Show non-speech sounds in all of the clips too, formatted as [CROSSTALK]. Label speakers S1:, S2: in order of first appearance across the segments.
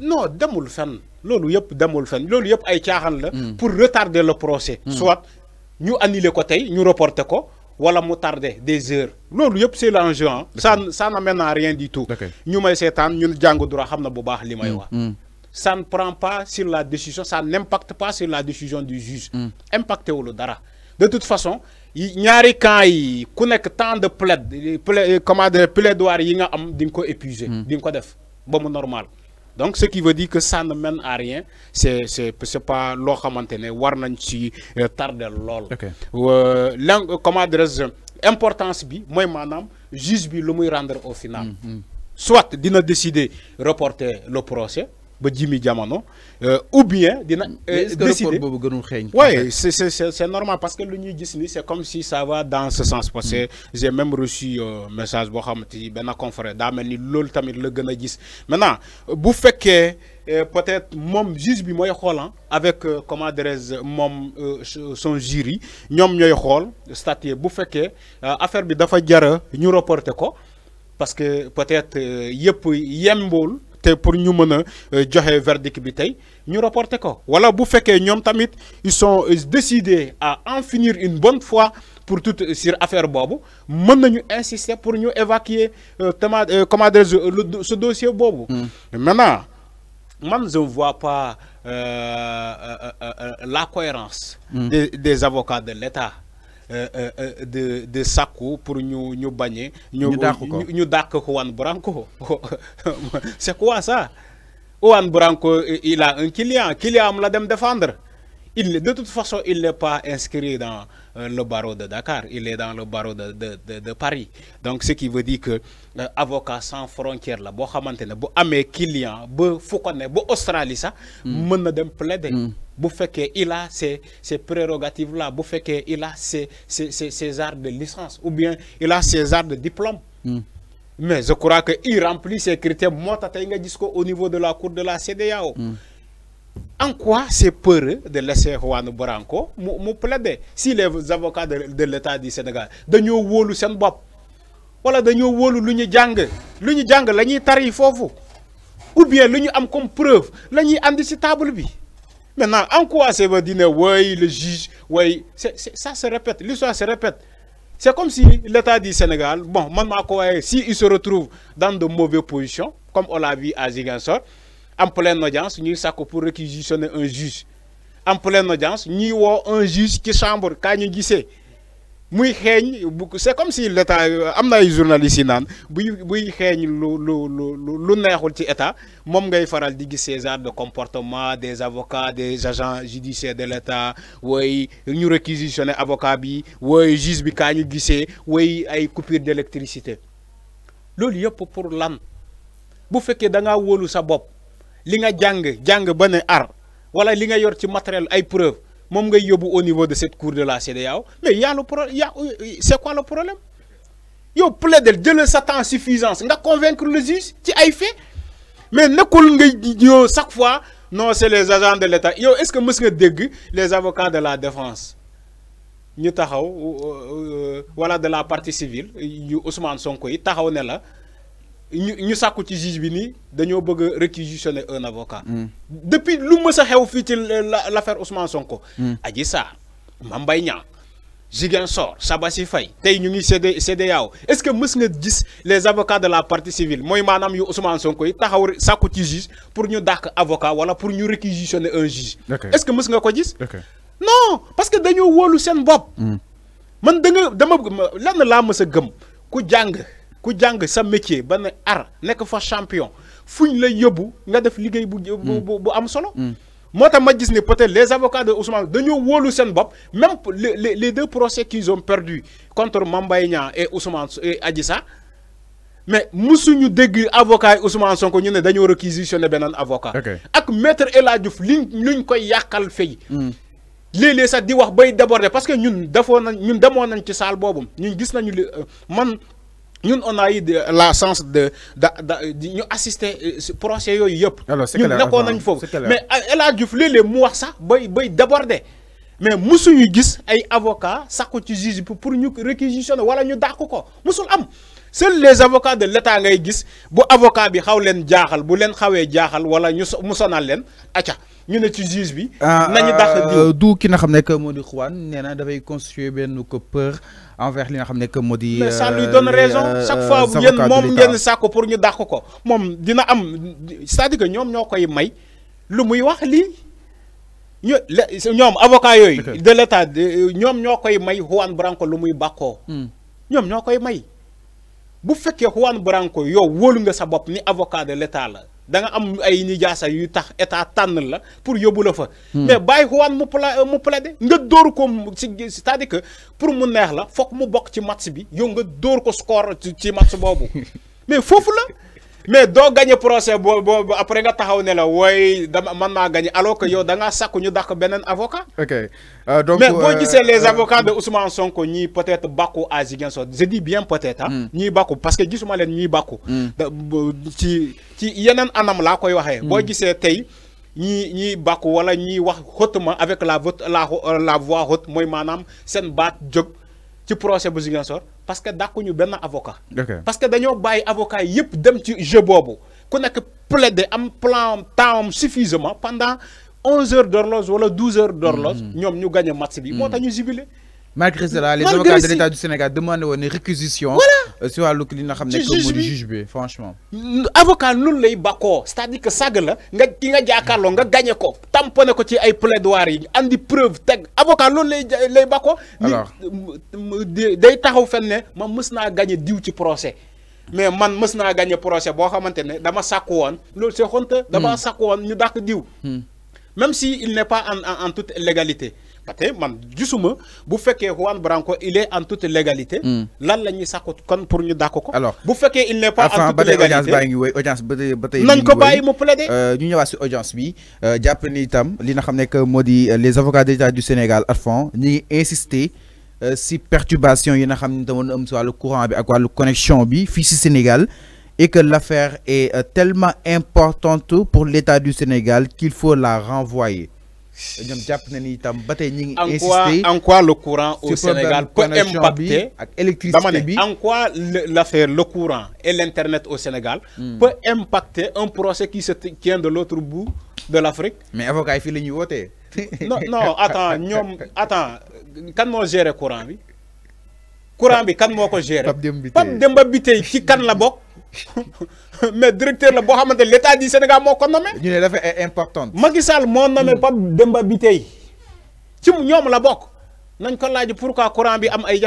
S1: non demul fenn loolu yep demul fenn loolu yep ay tiaxan la. Mm. pour retarder le procès. Mm. soit ñu annuler ko tay, ñu reporter ko wala mu tarder des heures loolu yep c'est l'enjeu hein. ça ça n'amène à rien du tout. ñu may seetaan ñun jàng droit xamna bu baax li may mm. wax. ça ne prend pas sur la décision ça n'impacte pas sur la décision du juge. impacté wu lu dara de toute façon. ñaari camp yi ku nekk temps de plaide comment dire plaidoirie yi nga am di nga ko épuiser. di ko def normal donc ce qui veut dire que ça ne mène à rien c'est pas l'heure à maintenir, war nañ ci euh, tardel Lol. Euh, euh, comment juste importance bi moi, rendre au final mm, mm. soit dina décider reporter le procès euh, ou bien euh, décider c'est normal parce que lu ñuy gis c'est comme si ça va dans ce sens parce mm. j'ai même reçu euh, message de confrère da melni tamit gis maintenant bu que peut-être mom juge bi m'a hein, avec comment son jury ñom ñoy xol statuer bu affaire bi dafa jara ñu reporter ko parce que peut-être yépp yembol pour nous mener a un euh, verdict bi tay ñu reporter ko wala bu féké ñom tamit ils sont décidés à en finir une bonne fois pour toute euh, sur affaire bobo mën nañu insister pour nous évacuer euh, ce dossier Bobo. Hmm. maintenant man je ne vois pas la cohérence. Hmm. des avocats de l'État. Euh, euh, euh, de de pour nous ñu nous ñu ñu d'accord Juan Branco [LAUGHS] c'est quoi ça Juan Branco il a un client client me la dem défendre il de toute façon il n'est pas inscrit dans le barreau de Dakar il est dans le barreau de Paris donc ce qui veut dire que avocat sans frontières la bo xamantene ne bu client ba fu ko ne Australie ça hmm. mën dem plaider hmm fait que il a ces ces prérogatives là bu que il a ces ces arts de licence ou bien il a ces arts de diplôme. Hmm. mais je crois que remplit ces critères au niveau de la cour de la cdao hmm. En quoi c'est peur de laisser Juan Branco plaider si les avocats de l'État du Sénégal de vous wala voilà tarif au ou bien am comme preuve andi bi. Maintenant, en quoi ça veut dire, oui, le juge, oui, ça se répète, l'histoire se répète. C'est comme si l'État du Sénégal, bon, si il se retrouve dans de mauvaises positions, comme on l'a vu à Zigansor, en pleine audience, nous sommes pour réquisitionner un juge. En pleine audience, nous avons un juge qui chambre, quand nous disons, c'est comme si l'état y a des journalistes il y lu lu lu lu de comportement des avocats des agents judiciaires de l'état wooy ñu réquisitionné avocat bi pour juge bi d'électricité. ay coupure d'électricité vous pour que vous avez, da vous sa ar wala li nga yor ci mom ngay au niveau de cette cour de la CEDEAO mais le euh, c'est quoi le problème yo de de le satan suffisance nga convaincre le juge ci ay fait mais nous ngay yo chaque fois non c'est les agents de l'État est-ce que vous nga les avocats de la défense ñu taxaw euh, euh, de la partie civile Ousmane Sonko taxaw ne nous ñu ci juge bi ni dañu bëgg réquisitionner un avocat. Mm. depuis lu mësa xew fi ci l'affaire Ousmane Sonko. Mm. Adji Sarr Mame Mbaye jigen sor Sabassi fay tay ñu ngi est ce que mëss nga gis les avocats de la partie civile moy manam yu Ousmane Sonko yi taxaw sakku ci juge pour ñu dàq avocat wala pour ñu réquisitionner un juge. est ce que mëss nga ko gis. non parce que dañu wolu sen bop mm. man da nga dama lenn la mësa gëm ku jang ku sa métier ba ar nek fa champion fuñ la yóbbu nga def liggéey bu mm. bu am solo. Mm. moo ma gis ni peut-être les avocats de Ousmane dañu wolu Sen bop même les les deux procès qu'ils ont perdu contre Mame Niang et Ousmane et Adissa mais musuñu dégg avocat Ousmane Sonko ñu ne dañoo réquisitionné beneen avocat. ak maître El Diouf liñ luñ koy yakal fay. les léeg dit di wax bay déborder parce que ñun dafo nañ ñun demoon nañ ci salle bobu ñun gis nañu euh, man ñun on a eu la chance de da da ñu assister euh, procès yooyu yëpp. ñun nekkoon nañ mais euh, El a Diouf léeg les mu ça sax bay bay déborder mais ñu gis ay avocats sakku ci juge pour ñu réquisitionner wala ñu dàq ko musul am. seuls les avocats de l'État ngay gis bu avocat bi xaw leen jaaxal bu leen xawé jaaxal wala ñu musonal leen acca ñu ne ci juge bi. Ah, nañu euh,
S2: du ki nga xamné que modi na constituer ko peur envers li nga xamné que modi ça lui euh, donne raison euh, chaque fois il y ngeen sàkk
S1: pour ñu dakh ko
S2: mom dina am c'est-à-dire que ñoom
S1: may lu muy wax li ñom avocat de l'état ñom ñoo may Juan Branco lu muy bako hmm. ñom may. bu Juan Branco nga sa ni avocat de l'état da nga am ay nijaasa yu tax état tànn la pour yóbbu la fa. Hmm. mais bàyyi xuwaan mu pla euh, mu plaidé nga dóor ko si c'est-à-dire que pour mu neex la foog mu bokk ci match bi yow nga dóor ko skoor ci match boobu [LAUGHS] mais foofu la. mais do gagné procès bo, boo après nga taxaw ne la wooy man ma gagné alors que yo da nga sakku ñu dàq benen avocat.
S2: ok euh, donc mais boo euh, gisee les euh,
S1: avocats de Ousmane Sonko ñi peut être bakku à Ziguinchor je dis bien peut être ah. Hmm. ñii bàkku parce que gisuma len ñi bakku hmm. ci ci yenen anam la koy waxee. Hmm. boo gissé tay ñii ñii bakku wala ñiy wax hautement avec la vote la la voix haute moy manam sen bat jóg ci procès bu Ziguinchor parce que d'accord nous avons un avocat parce que d'ailleurs bail avocat y est dem tu je bobo qu'on a que plaidé un plan temps suffisamment pendant 11 heures d'horloge ou 12 heures d'horloge nous hmm. avons gagné match matériel. mm -hmm. moi
S2: malgré cela les avocats de l'État du Sénégal demandé une réquisition. voilà si le li nga xam juge B, franchement.
S1: avocat loolu lay bako, c'est-à-dire que sàgg la nga ki nga jaakaarloo nga gagné ko tamponné ko ci ay plaidoiries yi andi preuve teg avocat loolu lay lay bakkoo. alors day taxaw fen ne ma mës gagner gagné diw ci procès. mais man mës naa gagné procès boo xamante ne dama sàkku woon loolu c'est honte. dama hmm. sàkku woon ñu dàq diw. Hmm. même si il n'est pas en en en toute légalité parce eh, que man gisuma bu fekkee Juan Branco il est en toute légalité. Hmm. lan lañu sakko kon pour ñu dàq
S2: ko. alors bu fekkee il n'est pas en toute légalité audience baa ngi audience ba tey ba tey. nañ ko mu euh, ñu ñëwaat ci audience bi euh, japp ni tam li nga xamné que modi euh, les avocats d' du Sénégal Arfan ñu ngi insister si perturbation yi nga xamné ne won am si courant bi ak walu connexion bi fi ci Sénégal. et que l'affaire est tellement importante pour l'État du Sénégal qu'il faut la renvoyer
S1: en quoi le courant au Sénégal peut impacter en quoi l'affaire le courant et l'internet au Sénégal. Hmm. peut impacter un procès qui se tient de l'autre bout de l'Afrique. mais avocat il fait la ñuy [LAUGHS] non non attends quand attends kan le le courant bi. courant bi kan moo pas gérer. Pape Demba ci kan la bokk. [LAUGHS] [LAUGHS] mais directeur la l'État du Sénégal moko nommé. ñu dafa important. Macky Sall moo nommé mm. Demba bitey ci ñom la Je nañ ko laaj pourquoi courant bi am ay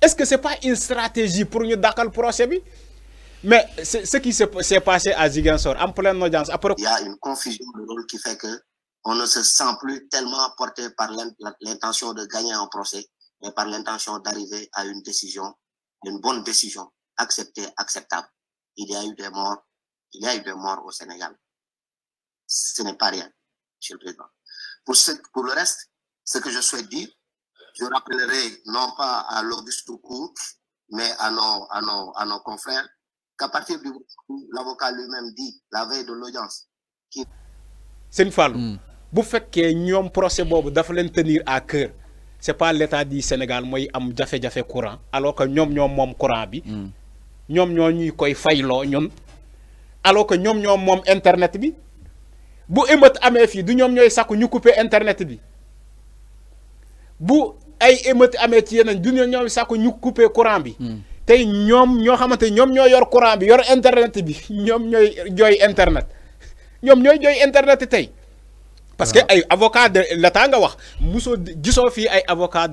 S1: est ce que c'est pas une stratégie pour ñu un procès mais ce qui s'est passé à Ziguinchor en pleine audience après. il y a une confusion qui fait que on ne se sent plus tellement porté par l'intention de gagner un procès mais par l'intention d'arriver à une décision une bonne décision accepté, acceptable. Il y a eu des morts, il y a eu des morts au Sénégal. Ce n'est pas rien, Monsieur le Président. Pour, pour le reste, ce que je souhaite dire, je rappellerai non pas à l'Auguste Toukou, mais à nos, à nos, à nos confrères, qu'à partir du moment l'avocat lui-même dit, la veille de l'audience, qui... une Vous faites que nous procès bobu dafa tenir à cœur c'est pas l'état du Sénégal moi am déjà fait courant alors que nous, nous mom courant bi hmm. ñoom ñoo ñuy koy fayloo ñun alors que ñoom ñoom moom internet bi bu émeute amee fii du ñoom ñooy sakku ñu couper internet bi bu ay émeute amee ci yeneen du ñoom ñooy sakku ñu couper courant bi. Hmm. tey ñoom ñoo xamante ñoom ñoo yor courant bi yor internet bi ñoom ñooy jooy internet ñoom ñooy jooy internet tey. parce que ay avocat de nga wax mosoo gisoo fii ay avocat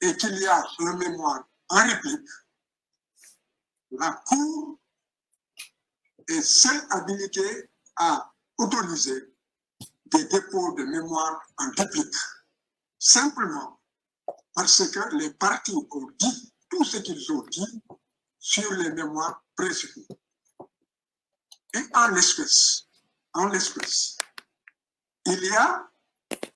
S2: et qu'il y a le mémoire en réplique,
S1: la Cour est seule habilitée à autoriser des dépôts de mémoire en réplique. Simplement parce que les parties ont dit tout ce qu'ils ont dit sur les mémoires précédentes. Et en l'espèce, en l'espèce, il y a